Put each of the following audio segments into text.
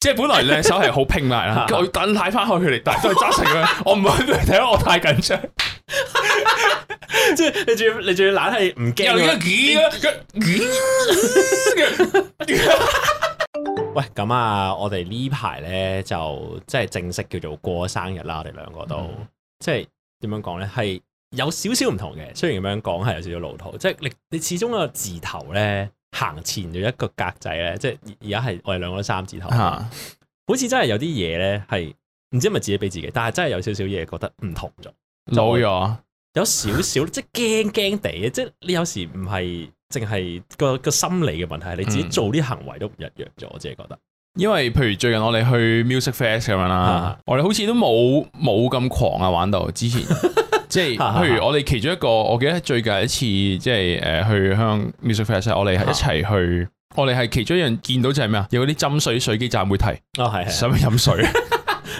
即係本來兩手係好拼埋啦，佢 等睇翻開佢嚟，但係揸成咁樣我唔會俾佢睇我太緊張。 即係你仲要你仲要懶係唔驚。 喂，咁啊，我哋呢排咧就即係正式叫做過生日啦，我哋兩個都即係點樣講咧，係有少少唔同嘅。雖然咁樣講係有少少老土，即係你你始終個字頭咧。行前咗一個格仔咧，即係而家係我哋兩個都三字頭，啊、好似真係有啲嘢咧，係唔知係咪自己俾自己，但係真係有少少嘢覺得唔同咗，老咗了，有少少 即係驚驚地嘅！即係你有時唔係淨係個個心理嘅問題，係你自己做啲行為都唔一樣咗。嗯、我自己覺得，因為譬如最近我哋去 Music Fest 咁樣啦，啊、我哋好似都冇冇咁狂啊玩到之前。 即係，譬如我哋其中一個，我記得最近一次即係誒去香港 music fest 我哋係一齊去，我哋係其中一樣見到就係咩啊？有啲斟水水機站會提，啊係係，想去飲水。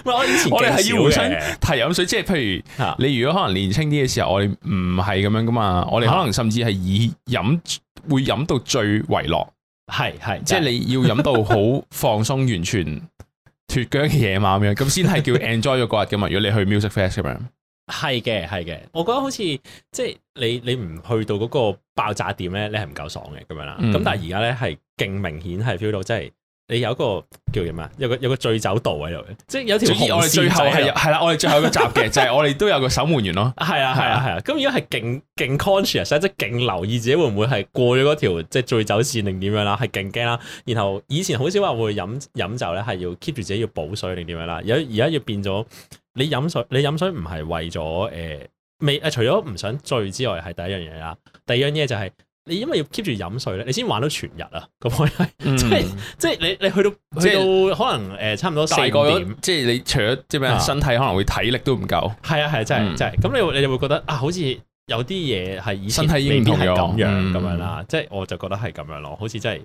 我以前，我哋係要互相提飲水，即係譬如你如果可能年輕啲嘅時候，我哋唔係咁樣噶嘛，我哋可能甚至係以飲會飲到醉為樂，係係，即係你要飲到好放鬆，完全脫韁嘅嘢嘛。咁樣，咁先係叫 enjoy 咗嗰日噶嘛。如果你去 music festival 係嘅，係嘅。我覺得好似即係你，你唔去到嗰個爆炸點咧，你係唔夠爽嘅咁樣啦。咁、嗯、但係而家咧係勁明顯係 feel 到，即係你有一個叫咩？啊，有個有個醉酒度喺度，即係有條紅線我。我哋最後係係啦，我哋最後一個集嘅 就係我哋都有個守門員咯，係啊， 係啊，係啊。咁而家係勁勁 conscious 即係勁留意自己會唔會係過咗嗰條即係醉酒線定點樣啦，係勁驚啦。然後以前好少話會飲飲酒咧，係要 keep 住自己要補水定點樣啦。而而家要變咗。你飲水，你飲水唔係為咗誒未誒，除咗唔想醉之外，係第一樣嘢啦。第二樣嘢就係、是、你因為要 keep 住飲水咧，你先玩到全日啊。咁、那、係、個嗯，即係即係你你去到是去到可能誒、呃、差唔多四個點，即係你除咗即係身體、嗯、可能會體力都唔夠。係啊係啊，真係真係。咁你你就會覺得啊，好似。有啲嘢係以前，身體已經同變咗咁樣咁樣啦，嗯、即係我就覺得係咁樣咯，好似真係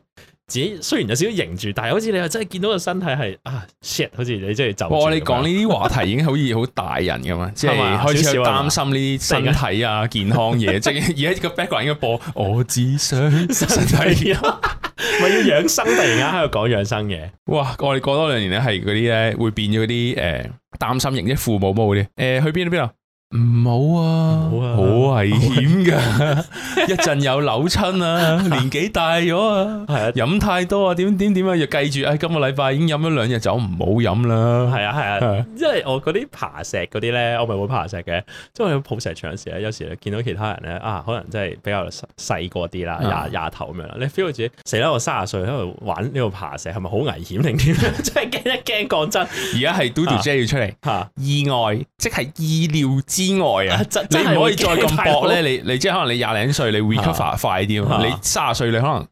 自己雖然有少少型住，但係好似你又真係見到個身體係啊，shit，好似你真係就。我哋講呢啲話題已經好似好大人咁 啊，即係開始去擔心呢啲身體啊、健康嘢。即係而家個 background 應該播我只想身體健、 啊、要養生突然間喺度講養生嘢。哇！我哋過多兩年咧，係嗰啲咧會變咗啲誒擔心型啲父母冇嗰啲。誒、呃，去邊啊？邊啊？唔好啊，好危險噶！一陣又扭親啊，年紀大咗啊，飲太多啊，點點點啊，要記住啊！今個禮拜已經飲咗兩日酒，唔好飲啦。係啊係啊，即係我嗰啲爬石嗰啲咧，我咪會爬石嘅。即係喺抱石場時咧，有時咧見到其他人咧啊，可能真係比較細個啲啦，廿廿頭咁樣啦。你 feel 自己死啦！我卅歲喺度玩呢個爬石，係咪好危險定點？真係驚一驚。講真，而家係 Dodo 姐要出嚟，意外即係意料之。之外啊，你唔可以再咁搏咧。你你即係可能你廿零歲你會 recover 快啲，啊啊、你卅歲你可能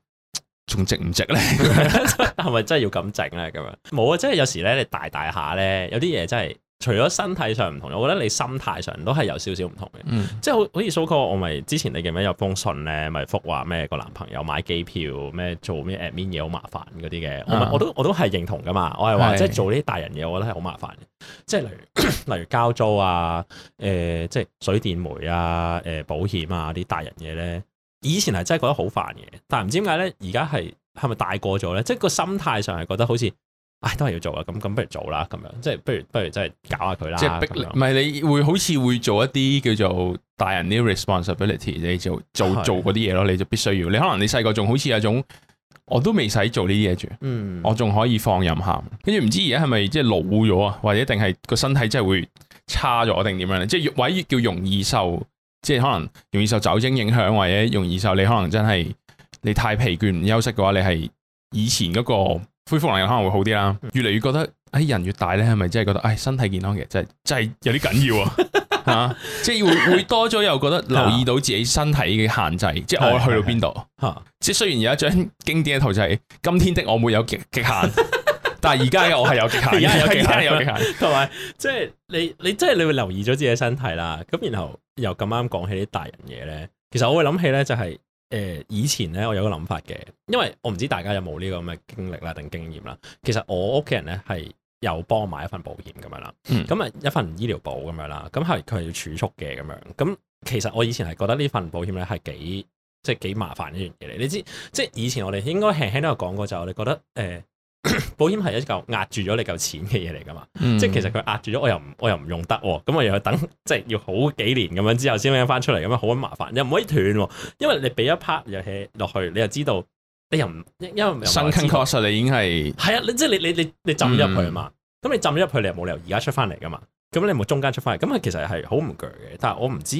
仲值唔值咧？係 咪 真係要咁整咧？咁樣，冇啊！即係有時咧，你大大下咧，有啲嘢真係。除咗身體上唔同，我覺得你心態上都係有少少唔同嘅，嗯、即係好好似蘇哥，我咪之前你記唔記得有封信咧，咪覆話咩個男朋友買機票咩做咩 admin 嘢好麻煩嗰啲嘅，我咪我都我都係認同噶嘛，我係話即係做呢啲大人嘢，我覺得係好麻煩嘅，是即係例如 例如交租啊，誒、呃、即係水電煤啊，誒、呃、保險啊啲大人嘢咧，以前係真係覺，覺得好煩嘅，但係唔知點解咧，而家係係咪大過咗咧？即係個心態上係覺得好似。唉、哎，都係要做啊，咁咁不如做啦，咁樣即係不如不如真係搞下佢啦，即逼，咁樣。唔係你會好似會做一啲叫做大人啲 responsibility，你就做做嗰啲嘢咯，你就必須要。你可能你細個仲好似有種，我都未使做呢啲嘢住，嗯，我仲可以放任下。跟住唔知而家係咪即係老咗啊，或者一定係個身體真係會差咗定點樣咧？即係或者叫容易受，即係可能容易受酒精影響，或者容易受你可能真係你太疲倦唔休息嘅話，你係以前嗰、嗰個。恢復能力可能會好啲啦，越嚟越覺得喺、哎、人越大咧，係咪真係覺得誒、哎、身體健康嘅，就係真係有啲緊要啊！ 啊，即係會會多咗又覺得留意到自己身體嘅限制， 即係我去到邊度吓， 即係雖然有一張經典嘅圖就係、是、今天的我會有極極限，但係而家嘅我係有極限，而家 有極限 有極限，同埋即係你你即係你會留意咗自己身體啦。咁 然後又咁啱講起啲大人嘢咧，其實我會諗起咧就係、是。誒，以前咧我有個諗法嘅，因為我唔知大家有冇呢個咁嘅經歷啦，定經驗啦。其實我屋企人咧係有幫我買一份保險咁樣啦，咁啊、嗯、一份醫療保咁樣啦，咁係佢係要儲蓄嘅咁樣。咁其實我以前係覺得呢份保險咧係幾即係幾麻煩呢樣嘢嚟。你知即係以前我哋應該輕輕都有講過，就係、我哋覺得誒。呃 保險係一嚿壓住咗你嚿錢嘅嘢嚟㗎嘛，嗯、即係其實佢壓住咗，我又唔我又唔用得喎，咁我又等即係、即係、要好幾年咁樣之後先拎翻出嚟，咁樣好鬼麻煩，又唔可以斷喎，因為你俾一 part 嘢落去，你又知道你又唔因為生坑確實你已經係係啊，你即係你你你你浸咗入去啊嘛，咁、嗯、你浸咗入去你又冇理由而家出翻嚟㗎嘛，咁你冇中間出翻嚟，咁佢其實係好唔鋸嘅，但係我唔知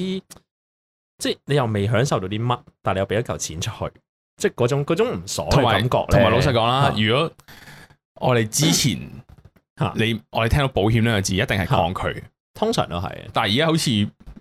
即係你又未享受到啲乜，但係你又俾一嚿錢出去，即係嗰種嗰種唔爽嘅感覺咧，同埋老實講啦，如果，如果我哋之前，啊、你我哋聽到保險呢個字，一定係抗拒、啊，通常都係。但係而家好似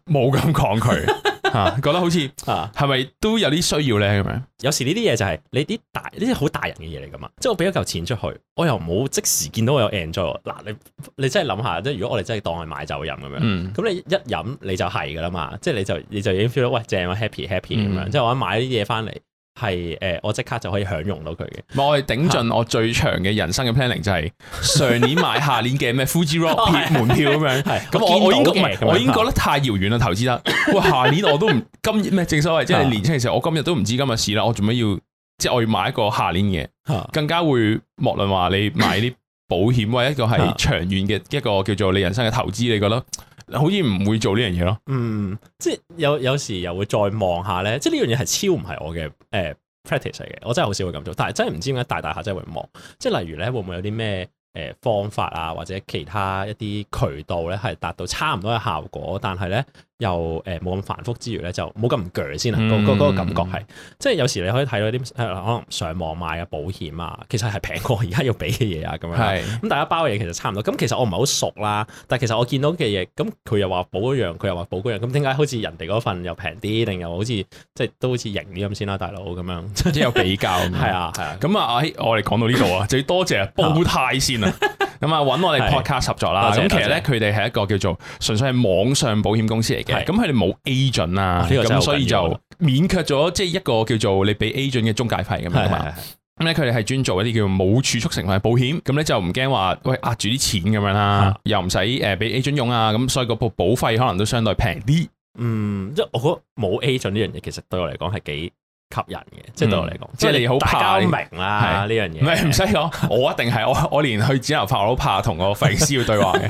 冇咁抗拒， 覺得好似係咪都有啲需要咧咁樣。有時呢啲嘢就係、是、你啲大，呢啲好大人嘅嘢嚟噶嘛。即係我俾一嚿錢出去，我又唔好即時見到我有 enjoy。嗱，你你真係諗下，即係如果我哋真係當係買酒飲咁樣，咁、嗯、你一飲你就係噶啦嘛。即係你就你就，你就已經 feel 到喂正啊 happy happy 咁樣。即係我買啲嘢翻嚟。係誒、呃，我即刻就可以享用到佢嘅。我係頂盡我最長嘅人生嘅 planning，的就係上年買下年嘅咩 Fuji Rock 票門票咁樣。係咁 的，我我，我應該唔係，我應該覺得太遙遠啦，的投資得。喂，下年我都唔，今咩正所謂， 即係年輕嘅時候，我今日都唔知今日事啦。我做咩要即係我要買一個下年嘅？ 更加會莫論話你買啲保險， 或者一個係長遠嘅一個叫做你人生嘅投資， 你覺得？好似唔會做呢樣嘢咯，嗯，即係有有時又會再望下咧，即係呢樣嘢係超唔係我嘅誒、呃、practice 嚟嘅，我真係好少會咁做，但係真係唔知點解大大家真係會望，即係例如咧會唔會有啲咩誒方法啊，或者其他一啲渠道咧係達到差唔多嘅效果，但係咧。又誒，冇、呃、咁繁複之餘咧，嗯、就冇咁鋸先啦。嗰、那、嗰、個那個感覺係，即係有時你可以睇到啲，可能上網買嘅保險啊，其實係平過而家要俾嘅嘢啊，咁是樣。咁大家包嘅嘢其實差唔多。咁其實我唔係好熟啦，但係其實我見到嘅嘢，咁佢又話保一樣、啊、樣，佢又話保嗰樣。咁點解好似人哋嗰份又平啲，定又好似即係都好似贏啲咁先啦，大佬咁樣，即係有比較。係啊係啊。咁啊，啊，我哋講到呢度啊，最多謝保泰先啦。 咁啊，揾我哋 podcast 合作啦。咁的其實咧，佢哋係一個叫做純粹係網上保險公司嚟嘅。咁佢哋冇 agent 啊，呢、哦這個就、嗯、所以就免卻咗，即係一個叫做你俾 agent 嘅中介費咁樣啊。咁咧是的 嘛，佢哋係專做一啲叫冇儲蓄成分保險。咁咧就唔驚話，喂壓住啲錢咁樣啦，是的 又唔使誒俾 agent 用啊。咁所以個保費可能都相對平啲。嗯，即係我覺得冇 agent 呢樣嘢，其實對我嚟講係幾吸引嘅，即係對我嚟講，即係你好怕。大家明啦，呢樣嘢唔係唔使講，我一定係我我連去剪頭髮我都怕同個飛髮師要對話嘅，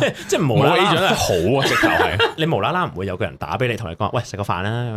即即係無啦啦好啊！直頭係你無啦啦唔會有個人打俾你，同你講喂，食個飯啦，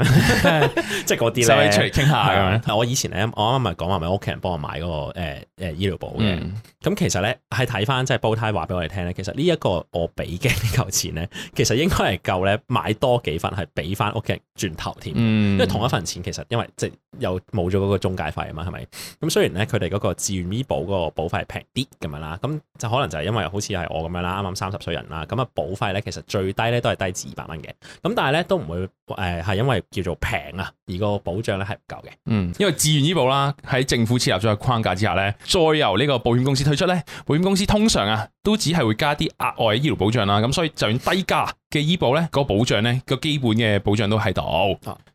即係嗰啲咧。就係出嚟傾下咁樣。嗱，我以前咧，我啱啱咪講話，咪屋企人幫我買嗰個誒誒醫療保嘅。咁其實咧係睇翻即係 Bowtie 話俾我哋聽咧，其實呢一個我俾嘅呢嚿錢咧，其實應該係夠咧買多幾份係俾翻屋企人轉頭添，因為同一份錢其實因為即係。又冇咗嗰個中介費啊嘛，係咪？咁雖然咧，佢哋嗰個志願醫保嗰個保費係平啲咁樣啦，咁就可能就係因為好似係我咁樣啦，啱啱三十歲人啦，咁啊保費咧其實最低咧都係低至二百蚊嘅，咁但係咧都唔會誒係因為叫做平啊而個保障咧係唔夠嘅，嗯，因為自願醫保啦喺政府設立咗個框架之下咧，再由呢個保險公司推出咧，保險公司通常啊都只係會加啲額外醫療保障啦，咁所以就算低價嘅醫保咧，個保障咧，個基本嘅保障都喺度，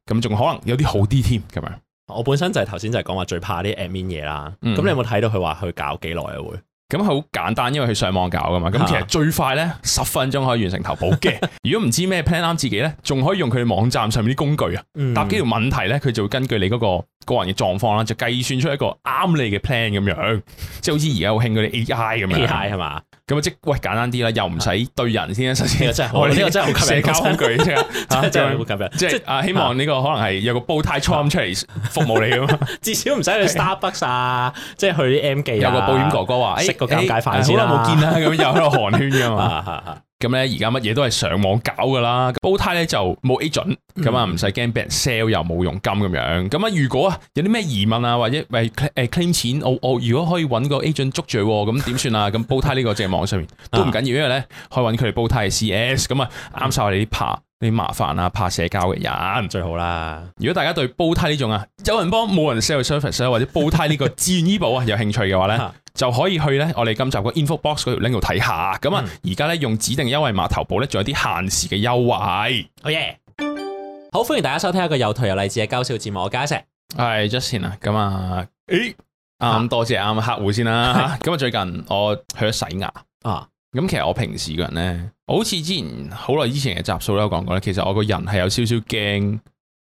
咁仲可能有啲好啲添，咁、啊、樣。我本身就係頭先就係講話最怕啲 admin 嘢啦，咁、嗯、你有冇睇到佢話佢搞幾耐啊會？咁係好簡單，因為佢上網搞噶嘛。咁其實最快咧，十分鐘可以完成投保嘅。如果唔知咩 plan 啱自己咧，仲可以用佢網站上面啲工具啊。答幾條問題咧，佢就會根據你嗰個個人嘅狀況啦，就計算出一個啱你嘅 plan 咁樣。即係好似而家好興嗰啲 AI 咁樣。AI 係嘛？咁即喂簡單啲啦，又唔使對人先。首先啊，真係我呢個真係好吸引工具，真係係好吸引。即係啊，希望呢個可能係有個 bot Trump 出嚟服務你啊。至少唔使去 Starbucks 啊，即係去啲 M 記啊。有個保險哥哥話。個尷尬範先啦、哎，咁又喺度寒暄啫嘛。咁咧、 啊，而家乜嘢都係上網搞噶啦。Bowtie 咧就冇 agent，咁啊唔使驚俾人 sell 又冇佣金咁樣。咁啊，如果啊有啲咩疑問啊，或者喂誒 claim 錢，我、哦、我、哦、如果可以揾個 agent 捉住，咁點算啊？咁 Bowtie 呢個淨係網上面都唔緊要，因為咧可以揾佢哋 Bowtie CS，咁啊啱晒我哋啲怕，啲、嗯、麻煩啊，怕社交嘅人最好啦。如果大家對 Bowtie 呢種啊，有人幫冇人 sell service 啊，或者 Bowtie 呢個自願醫保啊， 有興趣嘅話咧。啊就可以去咧，我哋今集個 infobox 嗰條 link 度睇下。咁啊、嗯，而家咧用指定優惠碼投保咧，做一啲限時嘅優惠。好嘢、oh yeah！好，歡迎大家收聽一個有又頹又勵志嘅搞笑節目，我加石係、hey, Justin 啊。咁、欸、啊，誒、嗯，啱多謝啱啱客戶先啦。咁啊是，最近我去咗洗牙啊。咁其實我平時個人咧，好似之前好耐之前嘅集數都有講過咧，其實我個人係有少少驚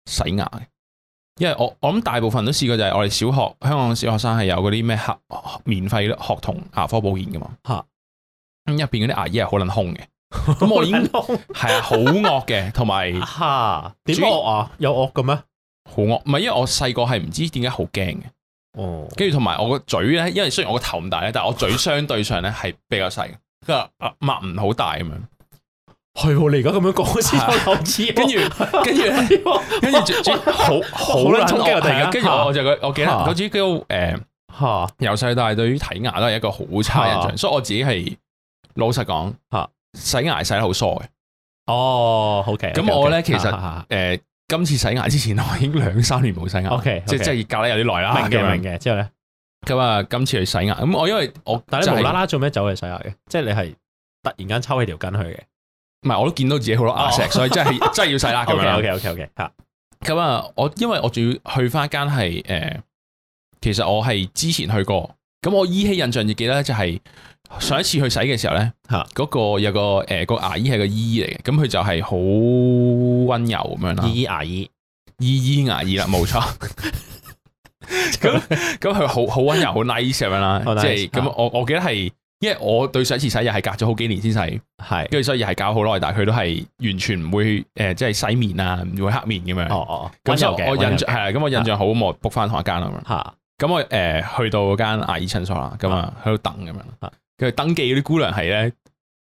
洗牙嘅。因為我我諗，大部分都試過，就係我哋小學，香港小學生係有嗰啲咩黑免費學童牙科保健噶嘛吓，咁入邊嗰啲牙醫係好撚凶嘅，咁我撚凶係啊好惡嘅，同埋吓，點惡啊，有惡嘅咩？好惡唔係，因為我細個係唔知點解好驚嘅哦，跟住同埋我個嘴咧，因為雖然我個頭唔大咧，但係我嘴相對上咧係比較細嘅，佢擘唔好大咁樣。係你而家咁樣講先，跟住跟住跟住好好啦，沖擊我跟住我就佢，我記得我自己叫誒吓，由細到大對於睇牙都係一個好差印象，所以我自己係老實講吓，洗牙洗得好疏嘅。哦，OK。咁我咧其實誒，今次洗牙之前我已經兩三年冇洗牙，OK，即係即係隔咗有啲耐啦。明嘅，明嘅。之後咧咁啊，今次去洗牙，咁我因為我但係無啦啦做咩走去洗牙嘅？即係你係突然間抽起條筋去嘅？唔係，我都見到自己好多牙石，哦、所以真係 真係要洗啦咁樣。OK，OK，OK，嚇！咁啊，我因為我仲要去翻間係誒，其實我係之前去過，咁我依稀印象亦記得咧，就係上一次去洗嘅時候咧，嚇嗰 個有個誒、呃、個姨姨 姨姨牙醫係個姨姨嚟嘅，咁佢就係好溫柔咁樣啦。姨姨牙醫，姨姨牙醫啦，冇錯。咁咁佢好好溫柔，好 nice 咁樣啦，即係咁我我記得係。因為我對上次洗又係隔咗好幾年先洗，係，跟住所以係搞好耐，但係佢都係完全唔會誒，即係洗面啊，唔會黑面咁樣。哦哦，咁就我印象係啊，咁我印象好莫 book 翻同一間啊嘛。吓，咁我誒去到嗰間牙醫診所啦，咁啊喺度等咁樣。吓，佢登記嗰啲姑娘係咧，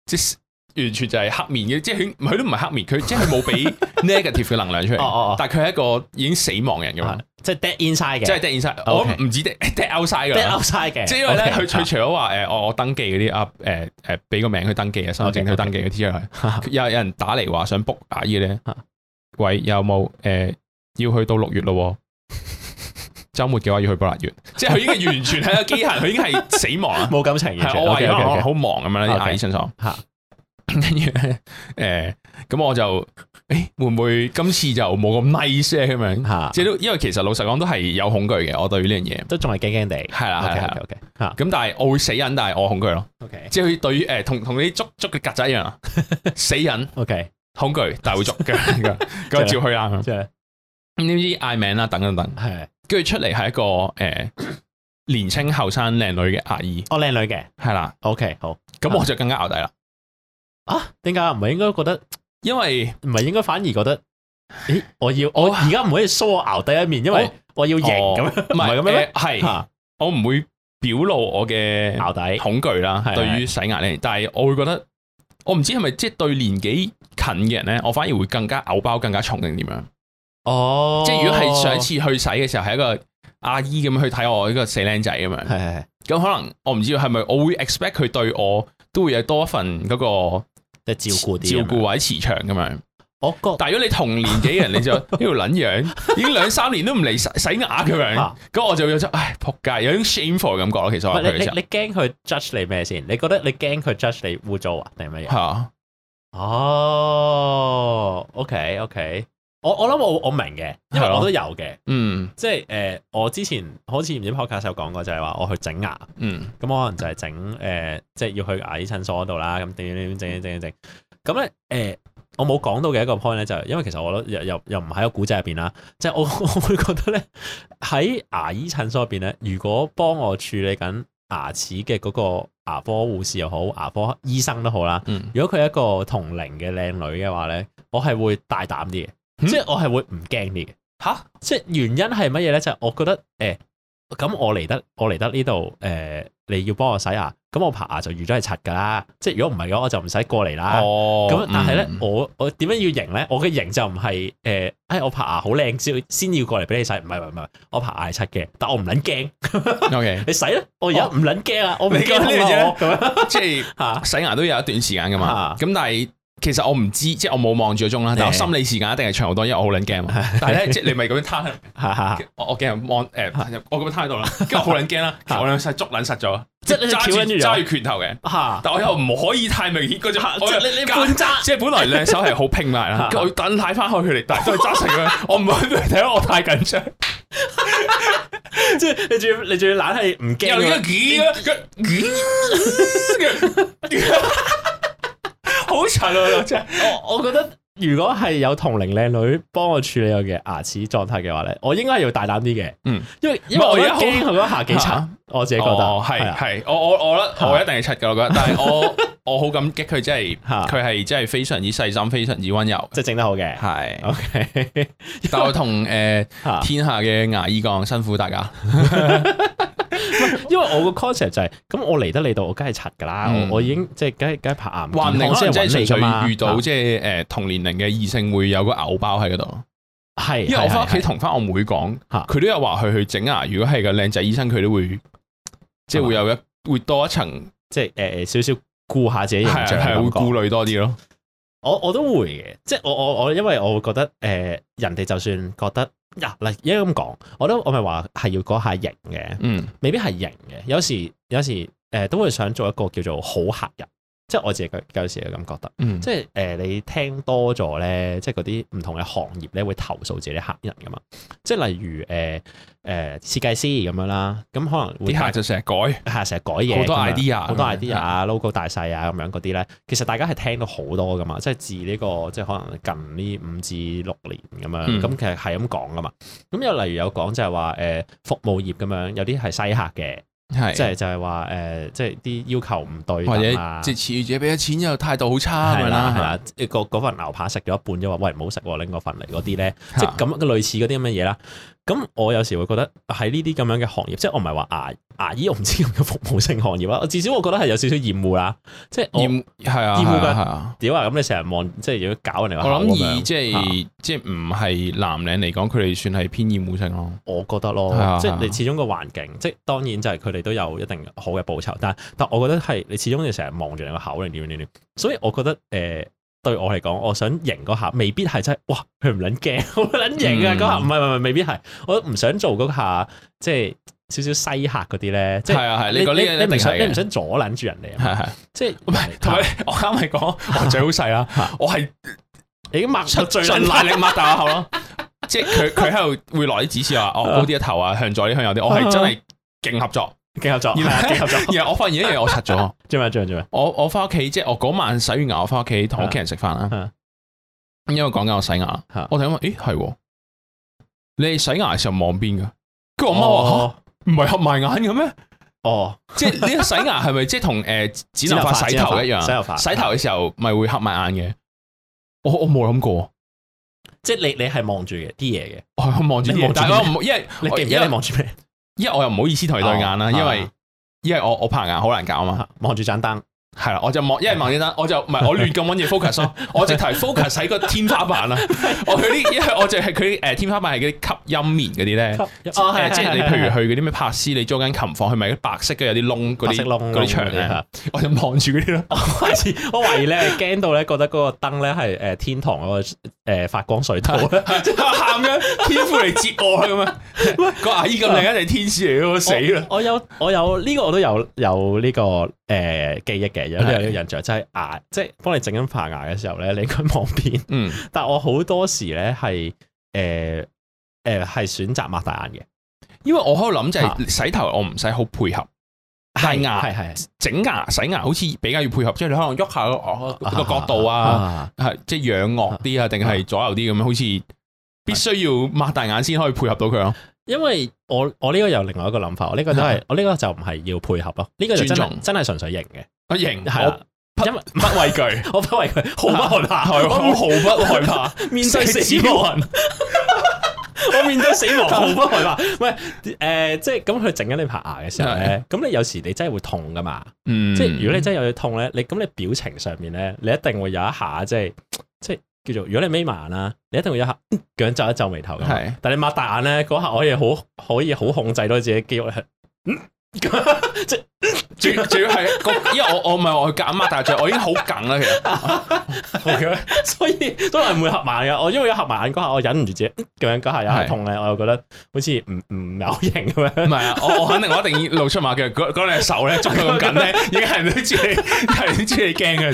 即係完全就係黑面嘅，即係佢，佢都唔係黑面，佢即係冇俾 negative 嘅能量出嚟。但係佢係一個已經死亡人咁樣。即係 dead inside 嘅，即係 dead inside。我唔止 dead outside 嘅 dead outside 嘅。即係因為咧，佢除除咗話誒，我我登記嗰啲啊，誒誒，俾個名去登記啊，身份證去登記嗰啲啊。有有人打嚟話想 book 牙醫咧，喂，有冇誒？要去到六月咯，周末嘅話要去八月。即係佢已經完全係個機械，佢已經係死亡，冇感情嘅。我好忙咁樣咧，牙醫診所。跟住咧，誒，咁我就，誒，會唔會今次就冇咁 nice 咁樣？吓，即係都，因為其實老實講都係有恐懼嘅，我對於呢樣嘢都仲係驚驚地。係啦，係係，吓，咁但係我會死忍，但係我恐懼咯。OK，即係對於誒，同同啲捉捉嘅曱甴一樣啊，死人，OK，恐懼，但會捉嘅。咁照去啦，即係，呢啲嗌名啦，等一等，係，跟住出嚟係一個誒，年輕後生靚女嘅阿姨。哦，靚女嘅，係啦，OK，好，咁我就更加拗底啦。啊，點解唔係應該覺得？因為唔係應該反而覺得，咦，我要我而家唔可以梳我熬底一面，因為我要贏咁樣，唔係咁樣，係，我唔會表露我嘅底恐懼啦，係對於洗牙咧。但係我會覺得，我唔知係咪即係對年紀近嘅人咧，我反而會更加偶包，更加重定點樣？哦，即係如果係上一次去洗嘅時候，係一個阿姨咁去睇我呢個死靚仔咁樣，係係咁可能我唔知係咪，我會 expect 佢對我都會有多一份嗰個。即係照顧啲，照顧或者持咁樣。我覺但係如果你同年紀嘅人， 你就呢度撚樣已經兩三年都唔嚟洗洗牙咁 樣。咁我就有種唉，仆街有種 shameful 感覺咯。其實我覺得。覺不你你你驚佢 judge 你咩先？你覺得你驚佢 judge 你污糟啊定乜嘢？係哦、 oh，OK OK。我我諗我我明嘅，因為我都有嘅，嗯即、即係誒，我之前好似唔知何教授講過，就係話我去整牙，嗯，咁我可能就係整誒，即係要去牙醫診所嗰度啦，咁點點點整整整整，咁咧誒，我冇講到嘅一個 point 咧，就係因為其實我都又又唔喺個古仔入邊啦，即係我我會覺得咧喺牙醫診所入邊咧，如果幫我處理緊牙齒嘅嗰個牙科護士又好，牙科醫生都好啦，如果佢係一個同齡嘅靚女嘅話咧，我係會大膽啲嘅。即係我係會唔驚你嘅吓，啊、即係原因係乜嘢咧？就係、是、我覺得誒，咁、哎、我嚟得我嚟得呢度誒，你要幫我洗牙，咁我拍牙就預咗係柒噶啦。即係如果唔係咁，我就唔使過嚟啦。咁但係咧，我我點樣要型咧？我嘅型就唔係誒，哎我拍牙好靚，先要先要過嚟俾你洗。唔係唔係，我拍牙係柒嘅，但我唔捻驚。O okay . K， 你洗啦，我而家唔捻驚啊，哦、我唔驚呢樣嘢， 即係吓洗牙都有一段時間噶嘛。咁 但係。其實我唔知，即係我冇望住個鐘啦，但我心理時間一定係長好多，因為我好撚驚。但係咧，即係你咪咁樣攤。我我驚望誒，我咁樣攤喺度啦，我好撚驚啦，我兩手捉撚實咗，即係揸住揸住拳頭嘅。但我又唔可以太明顯嗰隻，我你你半揸。即係本來兩手係好拼埋啦，佢等睇翻開佢嚟，但係揸成咁，我唔好睇，我太緊張。即係你仲要你仲要懶係唔驚好長啊，真係我我覺得。如果係有同齡靚女幫我處理我嘅牙齒狀態嘅話咧，我應該要大膽啲嘅，嗯，因為因為我已經去咗下幾層，我自己覺得係係，我我我覺得我一定係柒噶，我覺得，但係我我好感激佢，即係佢係即係非常之細心，非常之溫柔，即係整得好嘅，係，OK。但係我同誒天下嘅牙醫講辛苦大家，因為我個 concept 就係咁，我嚟得你度，我梗係柒噶啦，我已經即係梗係梗係拍牙，話唔定我真係即係遇到即係誒同齡。人嘅異性會有個偶包喺嗰度，係是，因為我翻屋企同翻我妹講，佢的都有話佢去整牙。的如果係個靚仔醫生，佢都會即係吧會有一會多一層，即係誒、呃、少少顧下自己形象，會顧慮多啲咯。嗯、我我都會嘅，即係我我我，我我因為我會覺得誒、呃，人哋就算覺得呀嗱，而家咁講，我都我咪話係要嗰下型嘅，嗯，未必係型嘅，有時有時誒、呃、都會想做一個叫做好客人。即係我自己嘅有時咁覺得，嗯、即係誒、呃、你聽多咗咧，即係嗰啲唔同嘅行業咧會投訴自己啲客人噶嘛，即係例如誒誒、呃呃、設計師咁樣啦，咁可能會客就成日改，係成日改嘢，好多 idea，好多 idea 啊的 logo 大細啊咁樣嗰啲咧，其實大家係聽到好多噶嘛，即係自呢、呢個即係可能近呢五至六年咁樣，咁、嗯嗯、其實係咁講噶嘛，咁又例如有講就係話誒服務業咁樣，有啲係西客嘅。係，即係就係話誒，即係啲要求唔對等或者即次自己俾咗錢又態度好差咁樣啦，係啦的，你個嗰份牛扒食咗一半，嗯、就話喂唔好食喎，拎個份嚟嗰啲咧，即係咁嘅類似嗰啲咁嘅嘢啦。嗯咁、嗯、我有時會覺得喺呢啲咁樣嘅行業，即係我唔係話牙牙醫，我唔知咁嘅服務性行業啊。至少我覺得係有少少厭惡啦，即係厭係啊，厭惡嘅屌啊！咁、啊啊、你成日望，即係如果搞人哋話，我諗而即係即係唔係藍領嚟講，佢哋算係偏厭惡性咯。我覺得咯，啊啊、即係你始終個環境，即係當然就係佢哋都有一定好嘅報酬，但但係我覺得係你始終要成日望住你個口嚟點點點點。所以我覺得誒。呃對我嚟講，我想贏嗰下未必係真係，哇！佢唔撚驚，我撚贏啊嗰下，唔係唔係未必係，我唔想做嗰下即係少少西客嗰啲咧，即係係啊係，呢個呢個你唔想你唔想阻捻住人哋啊，係係，即係唔係同埋我啱係講我嘴好細啦，我係已經擘出盡大力擘，但係咯，即係佢佢喺度會來啲指示話，哦高啲嘅頭啊向左啲向右啲，我係真係勁合作。合作，然後我發現一樣嘢我拆咗，做咩做咩？我我翻屋企，即係我嗰晚洗完牙，我翻屋企同屋企人食飯啦。因為講緊我洗牙，我突然間誒係，你洗牙嘅時候望邊噶？跟住我媽話，唔係合埋眼嘅咩？哦，即係呢個洗牙係咪即係同誒剪頭髮洗頭一樣？洗頭洗頭嘅時候咪會合埋眼嘅？我我冇諗過，即係你你係望住嘅啲嘢嘅，我望住嘢。但係我唔因為你而家你望住咩？一我又唔好意思同佢對眼啦，因為一係我我棚牙好難搞啊嘛，望住盞燈。係啦，我就望，因係望啲燈，我就唔係我亂咁搵嘢 focus 咯。我直頭 focus 喺個天花板啊！我佢啲，因為我淨係佢誒天花板係嗰啲吸音棉嗰啲咧。哦，係，即係你譬如去嗰啲咩拍斯，你租間琴房，佢咪白色嘅有啲窿嗰啲嗰啲牆嘅吓。我就望住嗰啲咯。我懷疑你係驚到咧，覺得嗰個燈咧係誒天堂嗰個誒發光隧道咧，喊咗天父嚟接我去咁啊！個阿姨咁靚，一定天使嚟咯，死啦！我有我有呢個我都有有呢個誒記憶嘅。有啲人嘅印象就係牙，即係幫你整緊排牙嘅時候咧，你應該望邊？嗯，但係我好多時咧係誒誒係選擇擘大眼嘅，因為我喺度諗就係洗頭我唔使好配合，係的牙係係整牙洗牙好似比較要配合，即係你可能喐下個角度啊，係即係仰臥啲啊，定係左右啲咁樣，的好似必須要擘大眼先可以配合到佢咯。因為我我呢個又有另外一個諗法，我呢個都係我呢個就唔係要配合咯，呢雷個就真真係純粹型嘅雷雷。我型，我不不畏懼， 我不畏懼，毫 不害怕，我毫不害怕，面對死亡。指我面對死亡毫不害怕。喂， 誒、呃就是呃，即係咁佢整緊你拍牙嘅時候咧，咁你有時你真係會痛噶嘛的？即係如果你真係有啲痛咧，你咁你表情上面咧，你一定會有一下即係即係。就是咩叫做如果你眯埋眼啦，你一定會有一下，咁、嗯、皺一皺眉頭嘅。但係你擘大眼咧，嗰下可以好，可以好控制到自己肌肉咧。係，嗯。即係最主要係， 因為我我唔係話去夾啊嘛，但係我已經好緊啦，其實，所以都係唔會合埋眼嘅。我因為一合埋眼嗰下，我忍唔住自己咁樣，嗰下有啲痛嘅，我又覺得好似唔唔唔有型咁樣。唔 係啊，我我肯定我一定要露出馬腳。嗰嗰兩隻手咧捉咁緊咧，已經係人都知你係 知你驚嘅。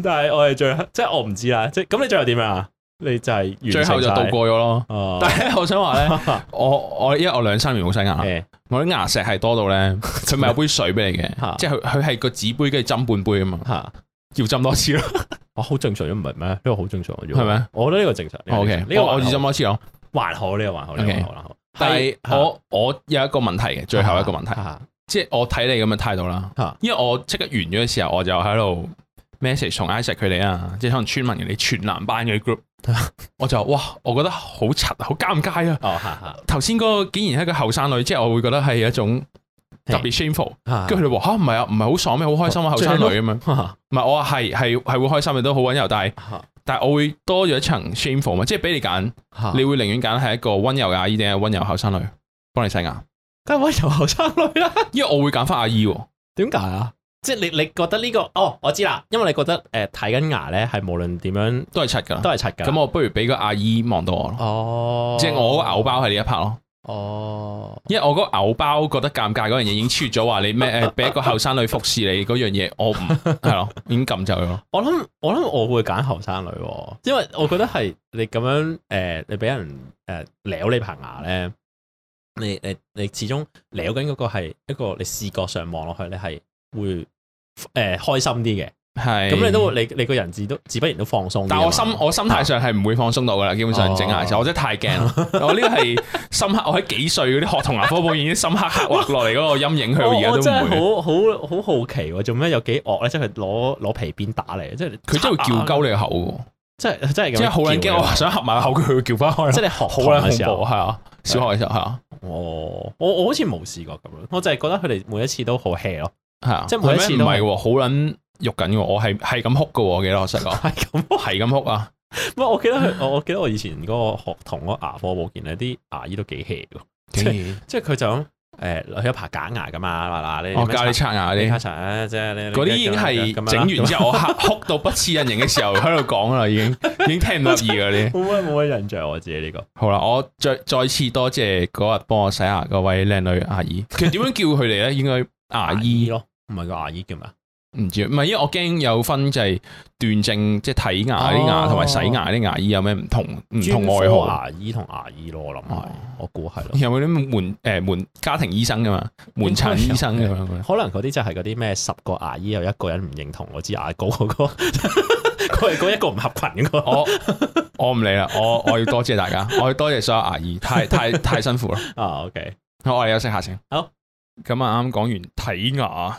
但係我係最即係我唔知啦。即係咁，你最後點樣啊？你就係最後就渡過咗咯，但係我想話咧，我我因為我兩三年冇洗牙，我啲牙石係多到咧，佢咪有杯水俾你嘅，即係佢佢係個紙杯跟住斟半杯吖嘛，要浸多次咯，我好正常嘅，唔係咩？呢個好正常嘅，係咩？我覺得呢個正常。O K，呢個我要浸多次咯，還好呢個還好呢個還好。但係我我有一個問題嘅，最後一個問題，即係我睇你咁嘅態度啦，因為我即刻完咗嘅時候我就喺度。message 從 Isaac 佢哋啊，即係可能村民嘅啲全男班嗰啲 group，我就哇，我覺得好柒，好尷尬啊！哦，頭先嗰個竟然係一個後生女，即係我會覺得係一種特別 shameful、hey, yeah , yeah. 跟住佢哋話吓？唔係啊，唔係好爽咩，好開心啊，後生女咁樣。唔係 我話係係係會開心嘅，都好温柔，但係 但係我會多咗一層 shameful 嘛。即係俾你揀，你會寧願揀係一個温柔嘅阿姨定係温柔後生女幫你洗牙？梗係温柔後生女啦， 因為我會揀翻阿姨喎。點解啊？即係你，你覺得呢、這個哦，我知啦，因為你覺得誒睇緊牙咧，係無論點樣都係柒噶，都係柒噶。咁我不如俾個阿姨望到我咯。哦，即係我個偶包係呢一拍咯。哦，因為我個偶包覺得尷尬嗰樣嘢已經出咗話，你咩誒俾一個後生女服侍你嗰樣嘢，我唔係咯，已經撳咗佢咯。我諗我諗我會揀後生女，因為我覺得係你咁樣誒、呃，你俾人誒撩你棚牙咧，你你你，你始終撩緊嗰個係一個你視覺上望落去咧係。你會誒開心啲嘅，係咁你都你你個人自都自不然都放鬆。但我心我心態上係唔會放鬆到噶啦，基本上整牙時候，我真係太驚啦。我呢個係深刻，我喺幾歲嗰啲學童牙科部已經深刻刻劃落嚟嗰個陰影，佢而家都唔會。好好好好好奇，做咩有幾惡咧？即係攞攞皮鞭打嚟，即係佢真係會叫鳩你個口，即係即係，即係好卵驚！我想合埋個口，佢會叫翻開。即係學好卵恐怖，係啊，小學嘅時候係啊，哦，我我好似冇試過咁樣，我就係覺得佢哋每一次都好 hea 咯。即係每一次唔係好撚肉緊嘅，我係係咁哭嘅，我記得我實講，係咁，係咁哭啊！唔係，我記得我記得我以前嗰個學童嗰牙科保健咧，啲牙醫都幾 hea 嘅，即係佢就咁誒，有一排假牙噶嘛，嗱嗱，我教你刷牙啲，你刷啊，即係嗰啲已經係整完之後，我吓哭到不似人形嘅時候，喺度講啦，已經已經聽唔入耳嗰啲，冇乜冇乜印象我自己呢個。好啦，我再再次多謝嗰日幫我洗牙嗰位靚女阿姨。其實點樣叫佢哋咧？應該牙醫咯。唔係個牙醫叫嘛？唔知，唔係，因為我驚有分，就係斷症，即係睇牙啲牙同埋洗牙啲牙醫有咩唔同？唔同愛好，牙醫同牙醫咯，我諗係，我估係咯。有嗰啲門誒門家庭醫生噶嘛，門診醫生嘅，可能嗰啲就係嗰啲咩十個牙醫有一個人唔認同，我知牙膏嗰個，佢係嗰一個唔合群嘅。我我唔理啦，我我要多謝大家，我要多謝所有牙醫，太太太辛苦啦。啊，OK，好，我哋休息下先。好，咁啊啱講完睇牙。